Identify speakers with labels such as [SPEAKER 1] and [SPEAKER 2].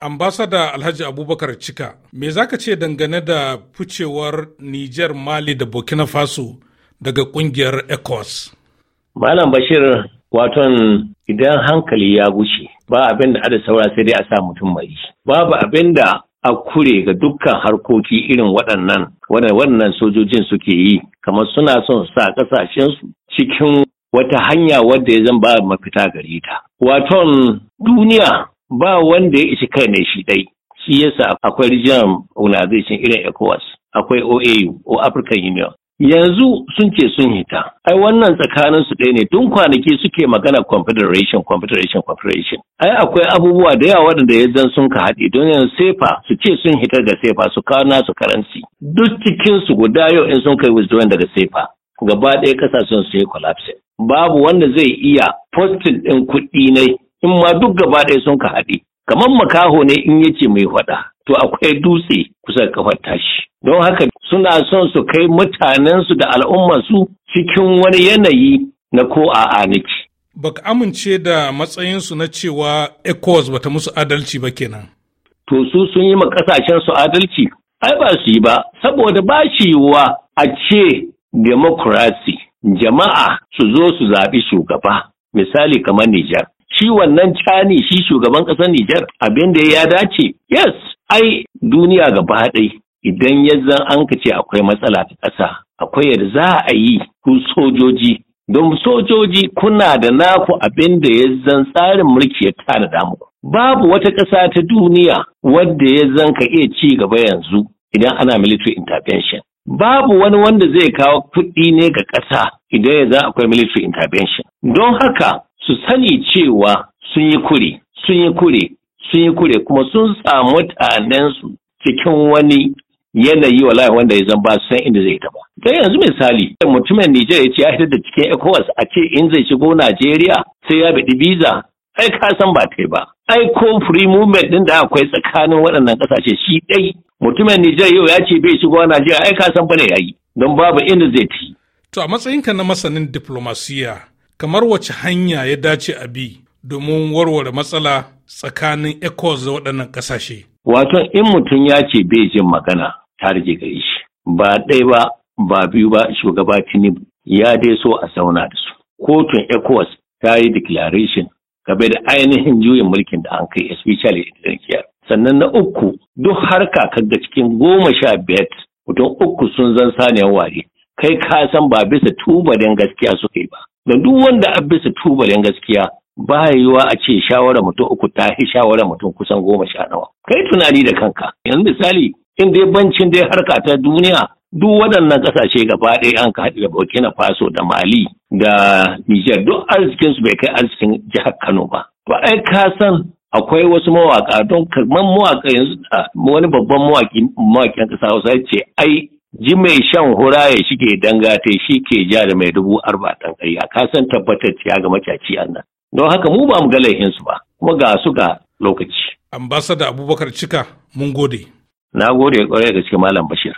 [SPEAKER 1] Ambasada Alhaji Abubakar Cika, me za ka ce dangane da ficewar Niger, Mali da Burkina Faso daga kungiyar ECOWAS?
[SPEAKER 2] Malam Bashir, waton idan hankali ya gushe, ba abin da ada saura sai dai a sa mutum mai. Babu abin da a kure ga dukkan harkoki irin waɗannan, waɗannan sojojin suke yi, kamar suna son sa ƙasashensu cikin wata hanya wadda ya zan ba mafita gare ta. Waton duniya ba wanda ya ishi kai ne shi dai shi yasa akwai regional organization irin ECOWAS akwai OAU o African Union yanzu sun ce sun hita ai wannan tsakanin su ɗaya ne tun kwanaki suke magana confederation confederation confederation ai akwai abubuwa da yawa waɗanda ya zan sun ka haɗe don yanzu sefa su ce sun hita ga sefa su kawo nasu karanci. duk cikin su guda yau in sun kai withdrawing daga sefa gaba ɗaya kasashen su ya collapse babu wanda zai iya postin ɗin kuɗi ne in ma duk gaba ɗaya sun ka haɗe kamar makaho ne in yace mai faɗa to akwai dutse kusa da kafar tashi don haka suna son su kai mutanensu da al'ummarsu cikin wani yanayi na ko a aniki.
[SPEAKER 1] Baka amince da matsayinsu na cewa ECOWAS bata musu adalci ba kenan.
[SPEAKER 2] To su sun yi ma ƙasashen su adalci? Ai ba su yi ba,
[SPEAKER 1] saboda ba shi yiwuwa
[SPEAKER 2] a ce demokrasi jama'a su zo su zaɓi shugaba misali kamar Nijar. shi wannan cani shi shugaban ƙasar Nijar abin da ya dace yes ai duniya gaba ɗai idan ya zan an ka ce akwai matsala ta ƙasa akwai yadda za a yi ku sojoji don sojoji kuna da naku abin da ya zan tsarin mulki ya tana da muku babu wata ƙasa ta duniya wadda ya zan ka iya ci gaba yanzu idan ana military intervention babu wani wanda zai kawo kuɗi ne ga ƙasa idan ya za akwai military intervention don haka su sani cewa sun yi kure sun yi kure sun yi kure kuma sun samu mutanensu cikin wani yanayi wa lai wanda ya zan ba su san inda zai ta ba dan yanzu misali mutumin Nijar ya ce ya fitar da cikin ECOWAS a ce in zai shigo Najeriya sai ya biɗi biza ai ka san ba kai ba ai ko free movement din da akwai tsakanin waɗannan ƙasashe shi ɗai mutumin Nijar yau ya ce bai shigo Najeriya ai ka san ya yi. don babu inda zai ta
[SPEAKER 1] to a matsayinka na masanin diplomasiya kamar wace hanya ya dace a bi domin warware matsala tsakanin ECOWAS da waɗannan ƙasashe.
[SPEAKER 2] Wato in mutum ya ce bai jin magana ta rage gare shi ba ɗaya ba ba biyu ba shugaba Tinubu ya dai so a sauna da su. Kotun ECOWAS ta yi declaration game da ainihin juyin mulkin da an kai especially Idris Sannan na uku duk harka kaga cikin goma sha biyar mutum uku sun zan sanewa ware kai ka san ba bisa tubalin gaskiya suka yi ba da duk wanda a bisa tubalin gaskiya ba yiwa a ce shawara mutum uku ta yi shawara mutum kusan goma sha nawa kai tunani da kanka yanzu misali in dai bancin dai harka ta duniya duk waɗannan ƙasashe gaba ɗaya an ka haɗu da burkina faso da mali da niger duk arzikinsu bai kai arzikin jihar kano ba ba ai ka san akwai wasu mawaƙa don kamar mawaƙa yanzu wani babban mawaƙi mawaƙin ƙasa hausa ce ai ji mai shan hura ya shige dangate shi ke ja da mai dubu arba ɗan a kasan tabbatar ciya ga macaci a nan don haka mu ba mu ga laifinsu ba kuma ga su ga lokaci.
[SPEAKER 1] ambasada abubakar cika mun gode.
[SPEAKER 2] na gode kwarai ga cikin malam bashir.